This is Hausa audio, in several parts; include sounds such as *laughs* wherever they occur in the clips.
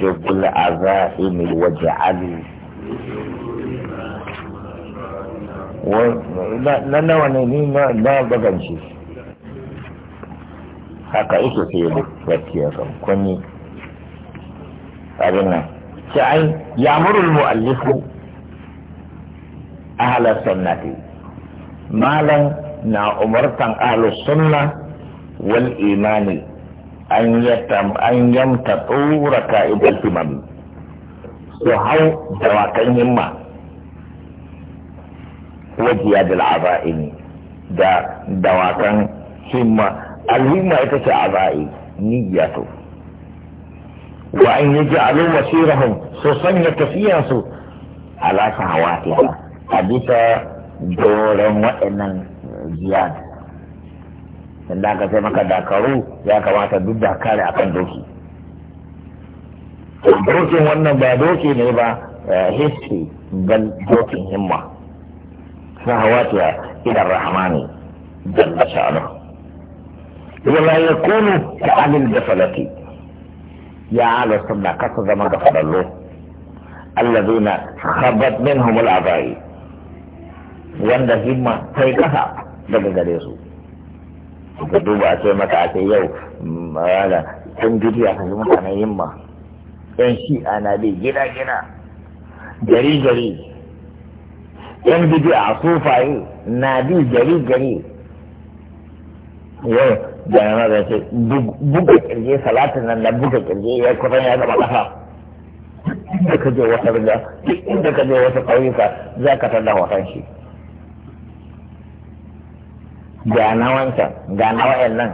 جب العظائم الوجعل و... لا لا لا لا لا لا بغنشي حقا ايش في الوكي اغم كوني فارنا شعي يامر المؤلف اهل السنة مالا نا امرتا اهل السنة والايمان an an yamta tsura ka'idar timan su hau dawakan himma wajiya da al'aba'in da dawakan himma alhimma ita ce aba'i niyya to wa an yi ja'alu masirahum su sanya su ala sahawatiha a bisa doron waɗannan ziyada inda aka sai maka dakaru ya kamata duk da a akan doki dokin wannan ba doki ne ba eh, histi bal dokin himma sahawatiya idan rahmani jalla sha'anu wala yakunu ka alil jafalati ya ala sunna kasa zama ga fadallo allazina khabat minhum al wanda himma sai kasa daga gare su ka duba a ce maka a ce yau marana mm, tun a kan yi mutanen yamma yan shi'a na bi gina gina gari gari yan gidi a sufaye na bi gari gari yau da yana da ce buga kirje salatin nan da buga kirje ya kusan ya zama ƙasa inda ka je wata riga inda ka je wata ƙauyuka za ka tada hoton shi ga na wancan ga na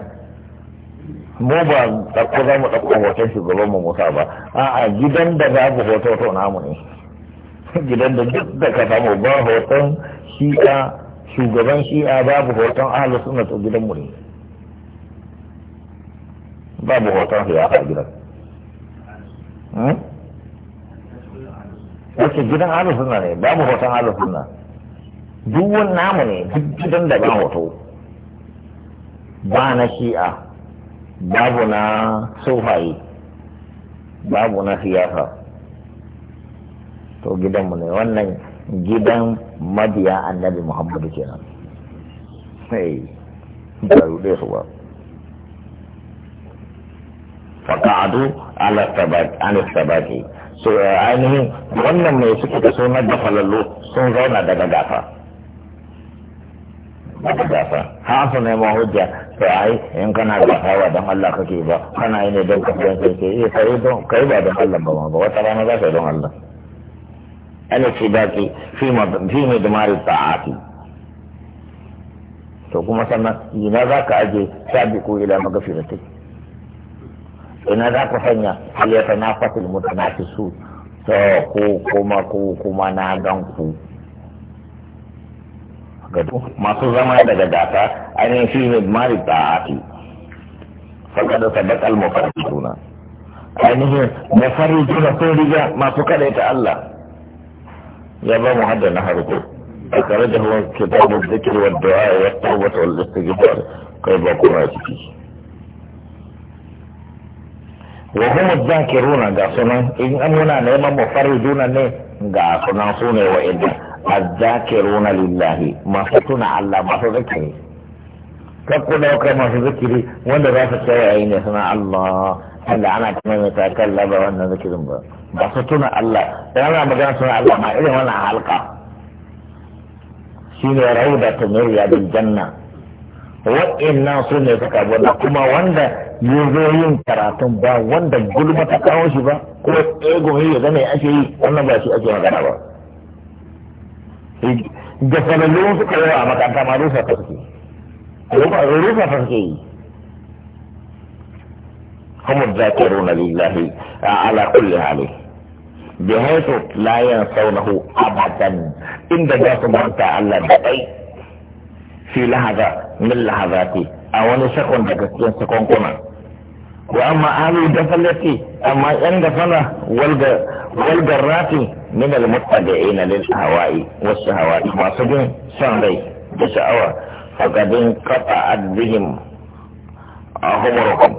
mu ba ɗauko za mu ɗauko hoton shugaban mu musa ba a'a gidan da za ku hoto to namu ne *laughs* gidan da duk da ka samu ba hoton shi a shugaban shi a babu hoton ahalus suna to gidan mu ne babu hoton shi'a a gidan Wace hmm? gidan ahalus suna ne babu hoton ahalus suna duk wani namu ne duk gidan da ba hoto ba na shi'a babu na sufaye babu na siyasa to gidanmu ne wannan gidan mabiya annabi muhammadu kenan sai ba rude su ba faƙa'adu alastabaki so ainihin wannan mai suke da sunar da falallo sun zauna daga gafa daga gafa ha ne nemo hujja to ai in kana hawa dan Allah kake ba kana yi ne don kafin sai ke eh kai don kai ba dan Allah ba ba wata rana za ka yi don Allah ana ce ba ki fi ma fi mai mari ta'ati to kuma sannan ina za ka aje sabiku ila magafiratai ina za ka sanya halayyata na fasil mutana su to ko kuma ko kuma na gan ku ga masu zama daga gata ainihin shi ne mari ta'ati fakada sabbat al suna ainihin mufarriduna sun riga masu ta Allah ya ba mu hadda na harko tabbata wa الذكر والدعاء Kai ba kuma ya ciki. wa hum adh runa, ga sunan in an muna neman juna ne ga sunan sune da. azzakiruna lillahi masu tuna Allah masu zikiri kakku dauka masu zikiri wanda za su tsaye ne suna Allah Allah ana kuma mai takalla laba wannan zikirin ba ba su tuna Allah da ana magana suna Allah ma irin wannan halka shine da ta miriya bil janna wa'annan su ne suka bada kuma wanda ya zo yin karatun ba wanda gulma ta kawo shi ba ko ego ya zama ake yi wannan ba shi ake magana ba gafalallu suka yawa a makaranta ma rufa ta suke rufa ta suke yi هم الذاكرون لله على كل حال بحيث لا ينسونه ابدا ان دجاس مرتا الله دقي في لحظة من لحظاتي او نشكون دقستين سكون كنا واما اهل دفلتي اما ان دفنا والجراتي من المتبعين للهواء والشهوات ما سنري بشأوة فقد انقطعت بهم همرهم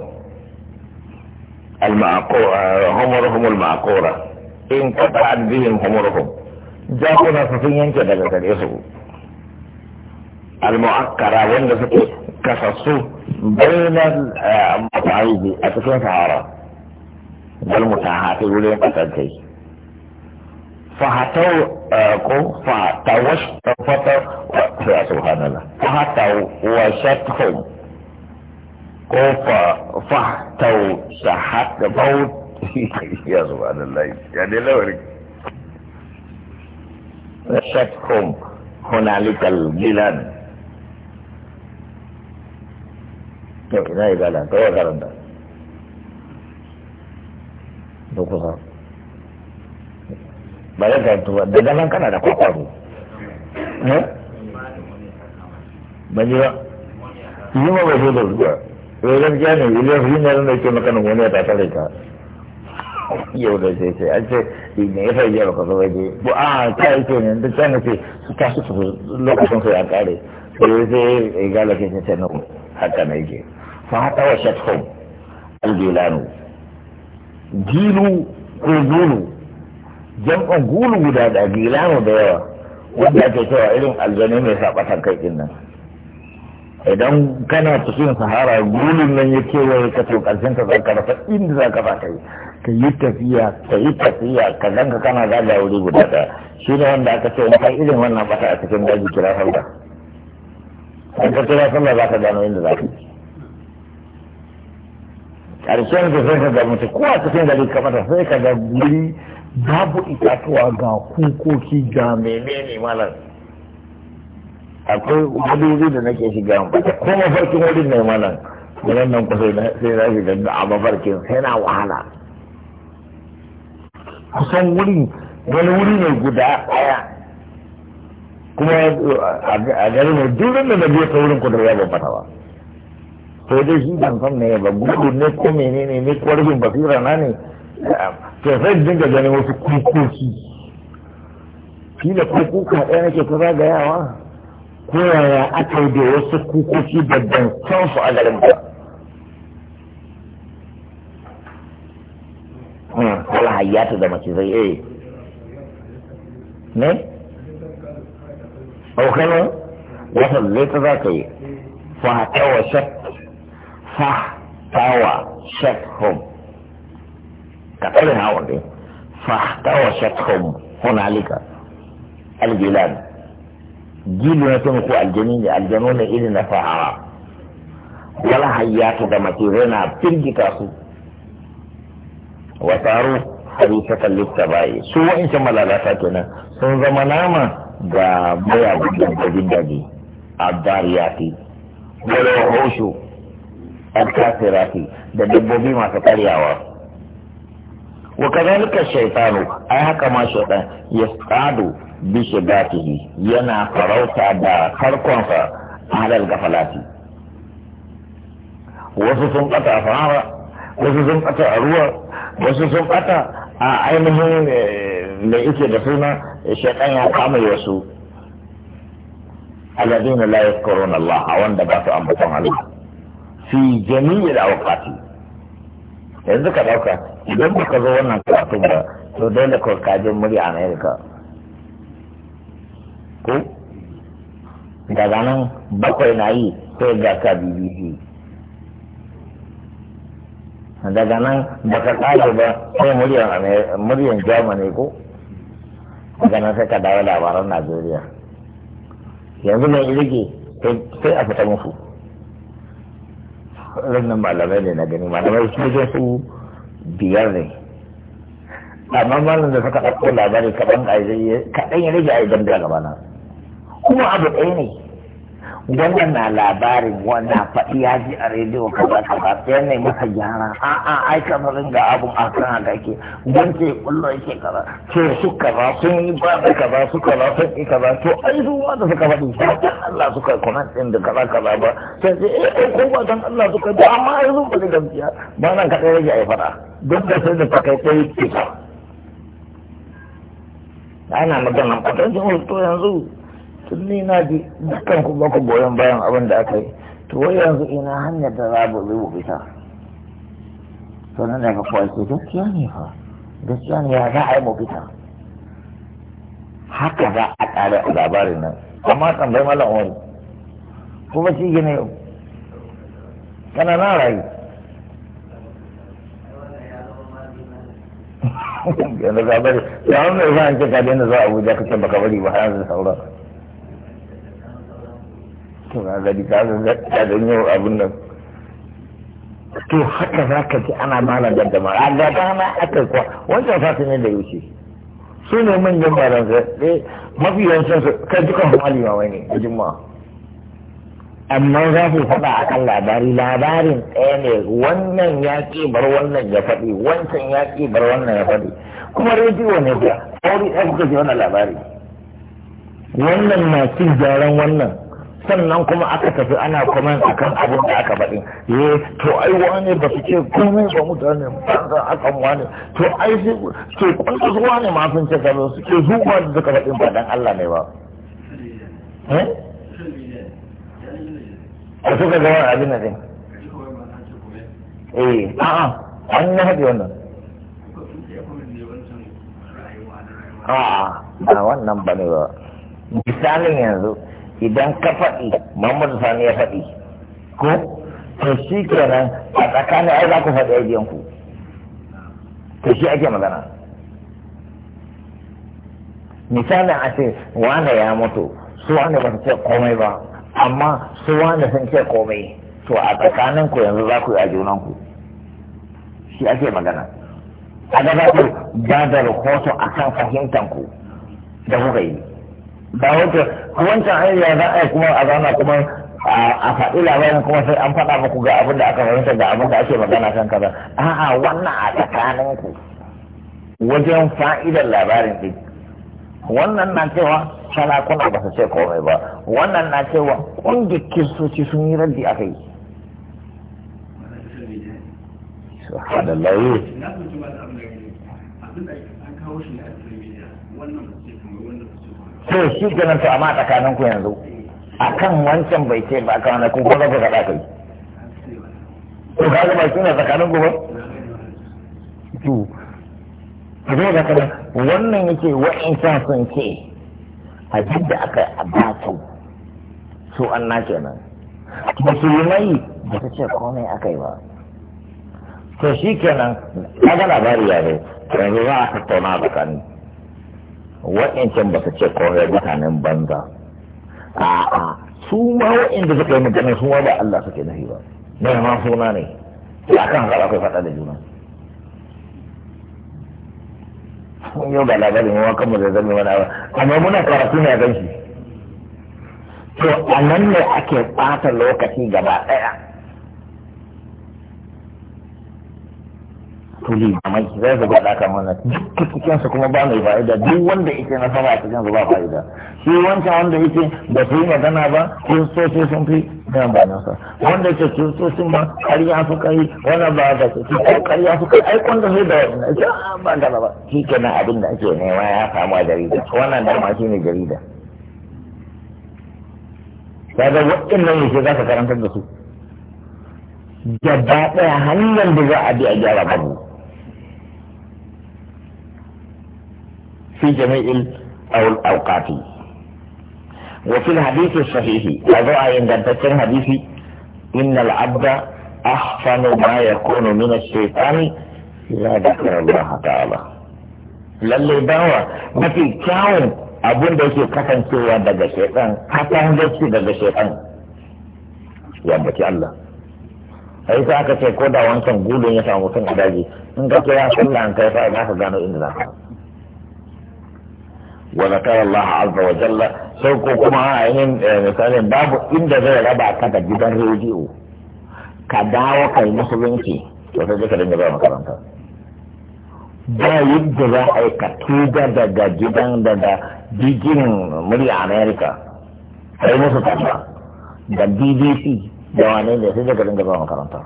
المعقورة همرهم المعقورة انقطعت بهم همرهم جاكونا ففين كده لتريسه المعقرة وين سكي كسسو بين المتعيد أتكين سهارة والمتاحات يقولون قتلتين فهتو آه، فتوش فتو سبحان الله وشتهم كوفا فهتو سحت بوت *laughs* يا سبحان الله يعني لو وشتهم هنالك البلاد طيب، لا إله إلا أنت وغير أنت ba ya zai gantuwa da nan kana da kwakwaro eh? ne ba ne ba yi ma bai so da ruwa wai eh, gaskiya ne idan shi ne da ke makanin wani ya da ita yau da sai sai an ce ne eh, ya fara jiya baka zo waje ko a ah, ta yi ce ne da ta nufi su ta su su lokacin su ya kare sai ya sai ya galafin ke sai na haka na yake fa haɗa wa shatkom aljilanu gilu ko gilu jam'an gulu guda da gilanu da yawa wanda ake cewa irin aljanu mai sabatan kai din nan idan kana cikin sahara gulun nan ya kewaye ka to karshen ka zaka rasa inda zaka ba kai ka yi tafiya ka yi tafiya ka danka kana zaga wuri guda da shi ne wanda aka ce in kai irin wannan bata a cikin daji kira sallah an ka kira sallah zaka gano inda zaka yi karshen da zai ga mutu kowa cikin gari kamata sai ka ga wuri babu itatuwa ga hukoki ga menene malar akwai wuri da nake shiga ba ta ko mafarkin wurin mai malar wurin nan kusa sai na shiga da a mafarkin sai na wahala kusan wurin wani wuri ne guda daya kuma a garin mai durin da na ta wurin kudur ya ban fata ba sai dai shi ban san ne ba gudu ne ko menene ne ko rashin basira na ne to zai dinga ganin wasu kukoki kila da kuka ɗaya nake ta zagayawa ko yaya aka yi da wasu kukoki da ban san su a garin ba wala hmm, hayyata da mace zai eh ne ɗaukano wata zai za ka yi Fa fahatawa shak fahatawa shak home كفرها عودي فاحتوشتهم هنالك الجلاد جيل نتنقو الجنين الجنون إلي فهرا ولا حيات دمتيرنا بتلقي تاسو وصاروا حريصة للتباعي سوى إن شاء الله لا تاتنا سنزم ناما دا بيا جدا جدا دي الدارياتي ولو حوشو الكافراتي دا دبوبي ما تتريعوا wa kazalika shaytanu ai haka ma shaytan yasqadu bi shibatihi yana farauta da farkonsa alal gafalati wasu sun kata a fara wasu sun kata a ruwa wasu sun kata a ainihin da eh, yake da suna shaytan ya kama wasu alladhina la yadhkuruna Allah wanda ba su ambaton Allah fi jami'il awqati yanzu ka ɗauka. idan ba ka zo wannan karatun ba to dai ko ka je murya america ko daga nan bakwai na yi sai ga ka bbc daga nan ba ka kare ba sai muryan germany ko daga nan sai ka dawo labaran najeriya yanzu mai irge sai a fita musu rannan malamai ne na gani malamai su je su biyar ne amma malam da suka ɗauko labari kaɗan ya rage a idan da gabana kuma abu ɗaya ne wannan na labarin wannan faɗi ya ji a rediyo kaza kaza sai ne masa gyara a a ai kafarin ga abun a kan haka ke don ce kullo yake kaza ce su kaza sun yi ba da kaza su kaza sun yi kaza to ai su ma da suka faɗi ba dan Allah suka yi kuma ɗin da kaza kaza ba sai ce eh, eh ko ba dan Allah suka yi amma ai su ba da gaskiya ba nan kaɗai rage yi faɗa duk da sai da takaitai kisa ana maganan kwatancin oh, to yanzu tun ni na ji dukkan ku ba ku goyon bayan abin da aka yi to wai yanzu ina hanyar da za mu bi mu fita da ka kawai ce gaskiya ne fa gaskiya ne ya za a yi mu fita haka za a ƙara a labarin nan amma tambayi malam wani kuma shi gina yau kana na rayu *laughs* yanzu ka bari ya wani yi an ce ka daina a abuja ka ce baka bari ba har yanzu sauran tuna gani ka yau abin nan to haka za ka ji ana mana gaddama a gadana aka kuwa wancan fasin ne da yauce su ne manyan baran sai eh, mafi yawancin su kai dukan hamali limamai ne a jimma amma za su faɗa a kan labari labarin ɗaya ne wannan ya ƙi bar wannan ya faɗi wancan ya ƙi bar wannan ya faɗi kuma rediyo ne ba wuri ɗaya kuka ji wannan labari wannan na cin jaran wannan sannan kuma aka tafi ana comment akan abin da aka faɗi eh to ai wane ba su ce komai ba mutane ba za a kan wane to ai sai to kuma zuwa ne ma sun ce kaza su ke zuwa da suka faɗi ba dan Allah ne ba eh a suka ga wani abin nan eh a'a an na haɗe wannan a'a a wannan ba ne ba misalin yanzu idan ka faɗi Muhammadu Sani ya faɗi ko to shi kenan a tsakanin ai za ku faɗi aibiyan ku to shi ake magana misalin a ce wane ya mutu su wane ba su ce komai ba amma su wane sun ce komai to a tsakanin ku yanzu za ku yi a junan ku shi ake magana a gaba ku ba da rahoto akan fahimtanku da kuka yi ba wata wancan hanya za a kuma a zana kuma a faɗi labarin kuma sai an faɗa muku ga abin da aka fahimta ga abin da ake magana kan kaza a'a wannan a tsakanin ku wajen fa'idar labarin ɗin wannan na cewa kuna ba su ce komai ba wannan na cewa ƙungiyar kiristoci sun yi raddi aka yi subhanallah kawo shi ne a wannan to shi ganin to amma tsakanin ku yanzu akan wancan bai ce ba akan wannan kun kuma ku faɗa kai to ka ga ba shi ne tsakanin ku ba to zai da kana wannan yake wa'ancan sun ce a da aka abata su an na kenan musulmai ba ta ce komai aka yi ba to shi kenan kaga labari ya ne yanzu za a tattauna tsakanin wa'incan ba su ce kawai mutanen banza a'a su ma waɗanda suka yi magana su ma ba Allah suke nahi ba na ma suna ne ya kan haka kai faɗa da juna mun yau ga labarin wa kan mu zai zama wani abu amma muna karatu ne a ganshi to a nan ne ake ɓata lokaci gaba ɗaya tuli da mai zai su da kan mana duk cikin su kuma ba mai fa'ida duk wanda yake na sama a cikin su ba fa'ida shi wancan wanda yake ba su yi magana ba kiristoci sun fi mai bayan sa wanda yake kiristocin ma karya su kai wanda ba da su kai karya su kai ai kwanda sai da wannan ake ah, ba da ba shi kenan abin da ake nema ya samu a jarida wannan dama shi ne jarida kaga waɗannan yake za ka karantar da su gaba ɗaya hanyar da za a bi a gyara babu في جميع الأوقات وفي sahihi a zo a yin الحديث hadisi, العبد أحسن ما يكون من الشيطان إذا ذكر الله تعالى lallai bawa mafi kyawun abun da yake kasancewa daga shekan hatan gaske daga shekan ya baki Allah sai aka ce ko da wancan gudun ya samu sun adaji in ka kira sallah an kai sai za ka gano inda za wa zakara Allah azza wa jalla sai ko kuma ainihin eh, misali babu inda zai raba ka da gidan rediyo ka dawo kai musulunci to sai ka dinga zuwa makaranta ba yadda za a yi ka tuga daga gidan daga bijin murya america sai musu tamba da bbc da wane ne sai ka dinga zuwa makaranta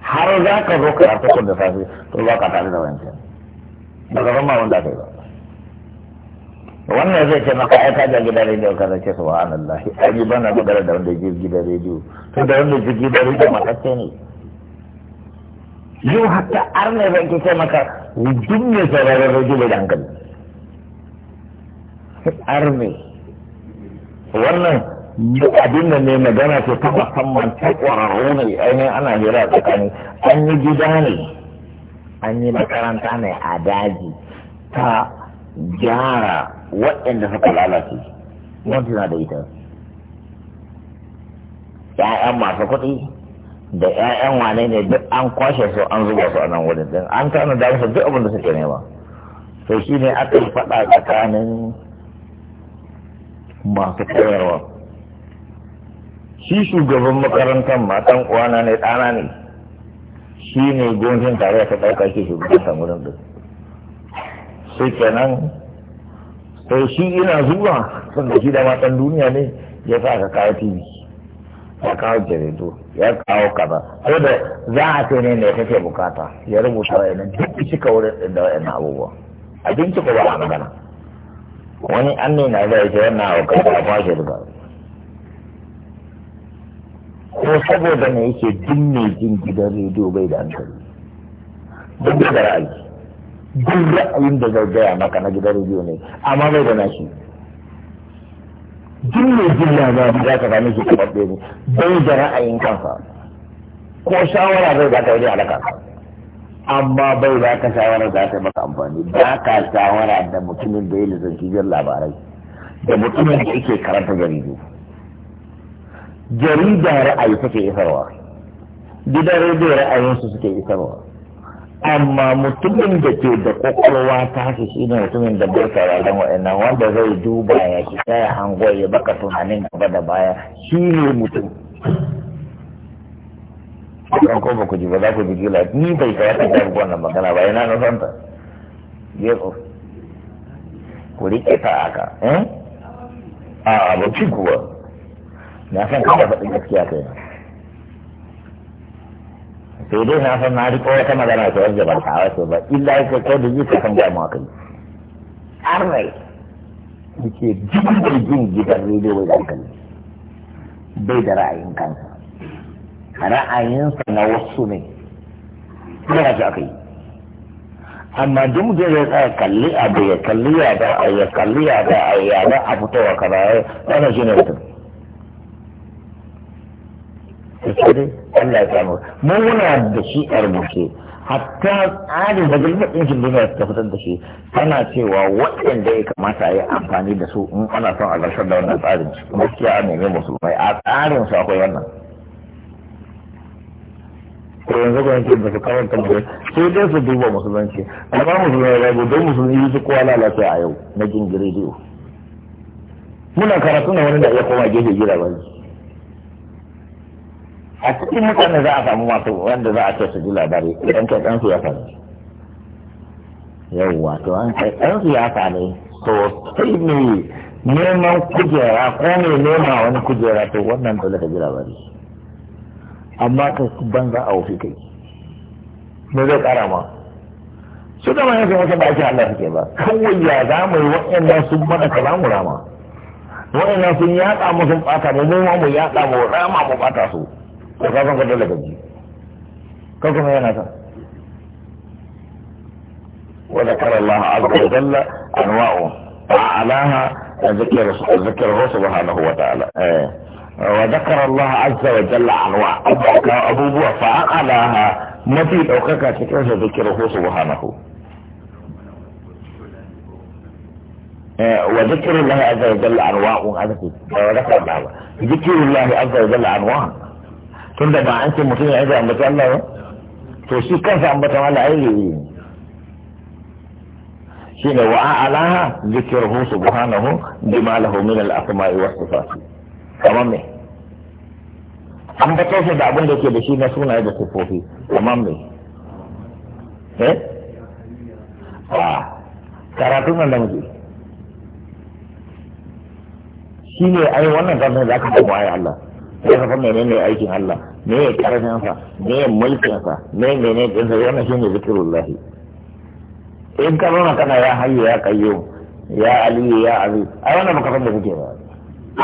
har za ka zo ka a da safe to ba ka tare da wancan ba ka zama wanda kai ba wannan zai ce maka aika da gidan rediyo ka zace subhanallah ai ban na magana da wanda ji gidan rediyo to da wanda ji gidan rediyo matacce ne yau hatta ar ne ban ki ce maka duk ne sauraron rediyo da hankali ar wannan abin da ne magana ce ta musamman ta ƙwararru ne ainihin ana hira tsakani an yi gida ne an yi makaranta ne a daji ta gyara waɗanda suka lalace gwamnati suna da ita ‘ya'yan masu kuɗi da ‘ya'yan wane ne duk an kwashe su an zuba su a nan wurin din an tana da musu duk abin da suke nema to shi ne aka yi faɗa tsakanin masu koyarwa shi shugaban makarantar matan uwana ne ɗana ne shi ne gwamnatin tare ta ɗauka shi shugaban samunan duk su kenan to eh, shi ina zuwa sun da shi da matan duniya ne ya sa ka kawo tv ya kawo jaridu ya kawo kaza ko da za a ce ne ne kake bukata ya rubuta wa ina duk ka wurin da wayannan abubuwa abinci ko ba a magana wani an ne na zai ce wannan a kai da kwashe daga ko saboda ne yake dinne jin gidan rediyo bai da hankali duk da ra'ayi duk ra'ayin da zai gaya maka na gidan rediyo ne amma bai da nashi duk mai jin labari za ka same shi kamar ɗaya ne bai da ra'ayin kansa ko shawara zai za ka yi alaka amma bai za ka shawara za ta maka amfani ba ka shawara da mutumin da ya lissanci jin labarai da mutumin da yake karanta jaridu jarida ra'ayi take isarwa gidan rediyo ra'ayinsu suke isarwa amma mutumin da ke da kwakwalwa ta su shi ne mutumin da bai sauraron wa'annan wanda zai duba ya shi ya hango ya baka tunanin gaba da baya shi ne mutum kan ko ku ji ba za ku ji gila ni bai kai ta da wannan magana ba yana na santa yeso ku rike ta aka eh a ba ci kuwa na san ka ba faɗin gaskiya kai sai dai na san na riko wata magana ta wajen ban ta ce ba illa ka ko da jika san haka maka har rai yake jin jin gidan rediyo bai da kan bai da ra'ayin kansa ra'ayinsa na wasu ne ya ji aka yi amma duk mutum zai tsaya kalli abu ya kalli ya da ya kalli ya da ya da a fitowa kaza shi ne mutum rubuce Allah ya samu mu muna da shi a rubuce hatta tsarin da gulbatin shi duniya ta fitar da shi tana cewa waɗanda ya kamata a yi amfani da su in ana son a gashar da wannan tsarin gaskiya a nemi musulmai a tsarin su akwai wannan ko yanzu ga yankin da su kawar kan musulmai sai dai su duba musulunci amma musulmai rabu don musulmi su kowa lalace a yau na jin rediyo muna karatu na wani da ya koma gefe gida ba a cikin mutane za a samu masu wanda za a ce su ji labari idan kai ɗansu ya faru yauwa to an kai ɗansu ya faru to sai ne neman kujera ko ne nema wani kujera to wannan dole ka ji labari amma ka za a wufi kai ne zai ƙara ma su da mai yasa ba ake Allah suke ba kawai ya za mu yi waɗannan sun mana ka za mu rama waɗannan sun yaɗa mu sun ɓata mu mu ma mu yaɗa mu rama mu ɓata su ko ka san ka dole gaji ko kuma yana sa wa zakara Allah azza wa jalla anwa'u fa'alaha ذكر الله سبحانه وتعالى وذكر الله عز وجل انواع ابوبوا فاعلاها ما في دوكاكا ذكر الله سبحانه آه. وذكر الله عز وجل انواع ذكر الله عز وجل انواع tun da ba an ce mutum ya yi da ambata Allah ba to shi kansa ambata wala ai yi shi ne wa alaha zikirhu subhanahu bima lahu min al-asma'i was sifat kamar an ambata shi da abin da yake da shi na sunaye da sifofi kamar me eh karatun nan da muke shi ne ai wannan karnin da aka kuma ayi Allah sai ka san menene aikin Allah me ya karfin sa me ya mulkin sa me ne ne din sa wannan shine zikrullahi in ka zama kana ya hayyu ya qayyum ya aliyu ya aziz ai wannan baka san da kake ba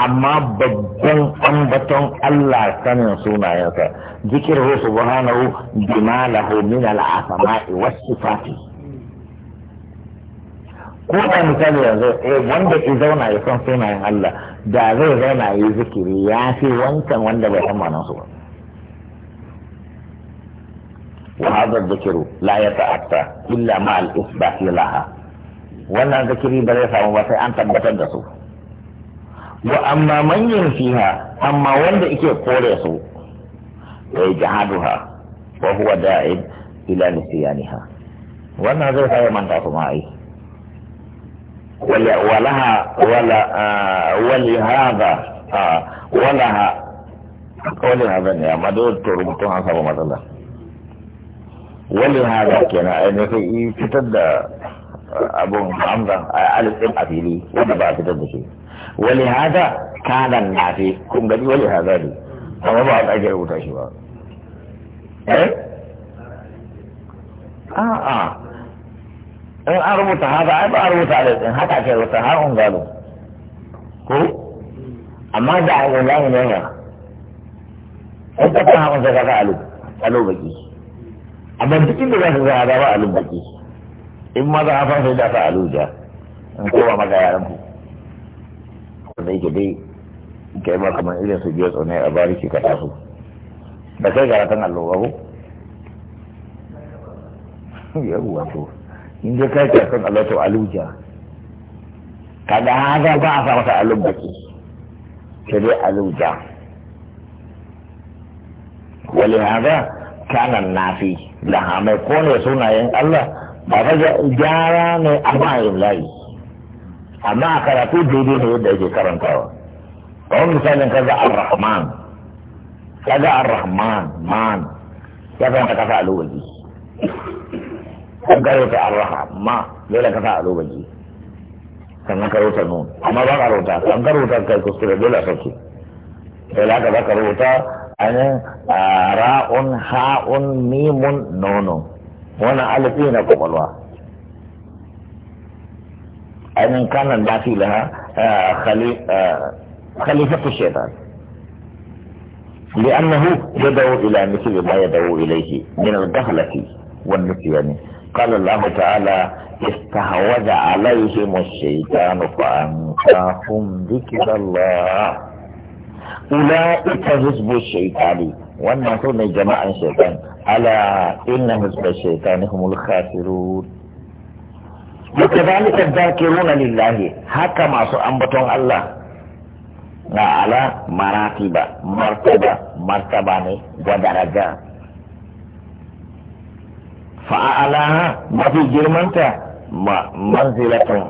amma babban ambaton Allah sanin sunayensa zikirhu subhanahu bima lahu min al-asma'i was sifati ko misali yanzu eh, wanda ya zauna ya san sunayen Allah da zai zauna yi zikiri ya fi wancan wanda bai san ma'anar su ba wa hadha dhikru la yata'atta illa ma al isbat laha wannan zikiri ba zai samu ba sai an tabbatar da su wa amma man yunfiha amma wanda yake kore su wa jahaduha wa huwa da'id ila nisyaniha wannan zai sai manta kuma ai ولها ولا آه، ولهذا آه، ولها ولهذا يا ما دول تربطوا حسب ما تلا ولهذا كنا ان في تتدى آه، ابو حمزه الف ام ابيلي وانا بعد تتدى شيء ولهذا كان الناس كم قد ولهذا لي فما بعد اجل وتشوى ايه اه اه in an rubuta haza ai ba a rubuta alif din haka ake har ko amma da a ya in ka fara mun saka ka alif alo baki amma duk inda ka in ma sai da maka yaran ku da yake dai su biyo tsaune a bariki ka taso da kai gara in dai kai san Allah to aluja kada haza ba a sa masa alubaki ke dai aluja wali haza kana nafi da hamai ko ne sunayen Allah ba ta gyara ne amma ma'ayin amma a karatu daidai ne yadda yake karantawa kawai misalin kaza ar-rahman kaga ar-rahman man ya zama ta kasa alwaji kan ka arraha ma dole ka sa a lokaci sannan ka ta nun amma ba ka rota kan ka rota kai kuskure dole a sauke sai da ba ka rota ainihin ra'un ha'un mimun nono wannan alifi na kwakwalwa ainihin kanan dafi da khalifatu shaitan لأنه يدعو إلى مثل ما يدعو إليه من الجهلة والنسيان قال الله تعالى استهوذ عليهم الشيطان فأنساهم ذكر الله أولئك حزب الشيطان والنصون جماعة الشيطان ألا إن حزب الشيطان هم الخاسرون وكذلك الذاكرون لله هكا ما سأنبتون الله على مراتب مرتبة مرتبة ودرجات fa'alaha mafi girmanta manzilatun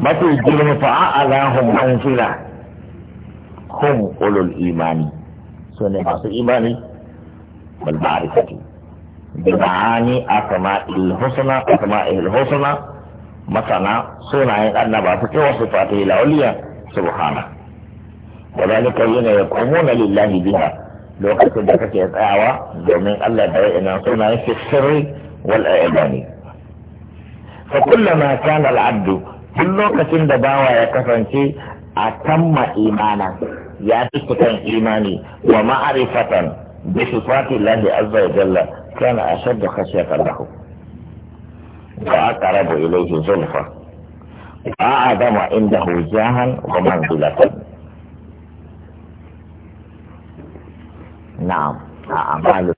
mafi girma fa'alahun manzila hum ulul imani su ne masu imani balbarikati bima'ani asma'il husna asma'il husna masana sunayen annaba su kewa su fatihila uliya subhana وذلك الذين يقومون lillahi biha lokacin da kake tsayawa domin Allah da ya ina suna yake sirri wal a'lani fa kullama kana al-abdu duk lokacin da bawa ya kasance a tamma imana ya tukutan imani wa ma'rifatan bi sifati Allah azza wa jalla kana ashaddu khashyata lahu wa aqrabu ilayhi zulfa wa a'zama indahu jahan wa manzilatan Now na'am a amalu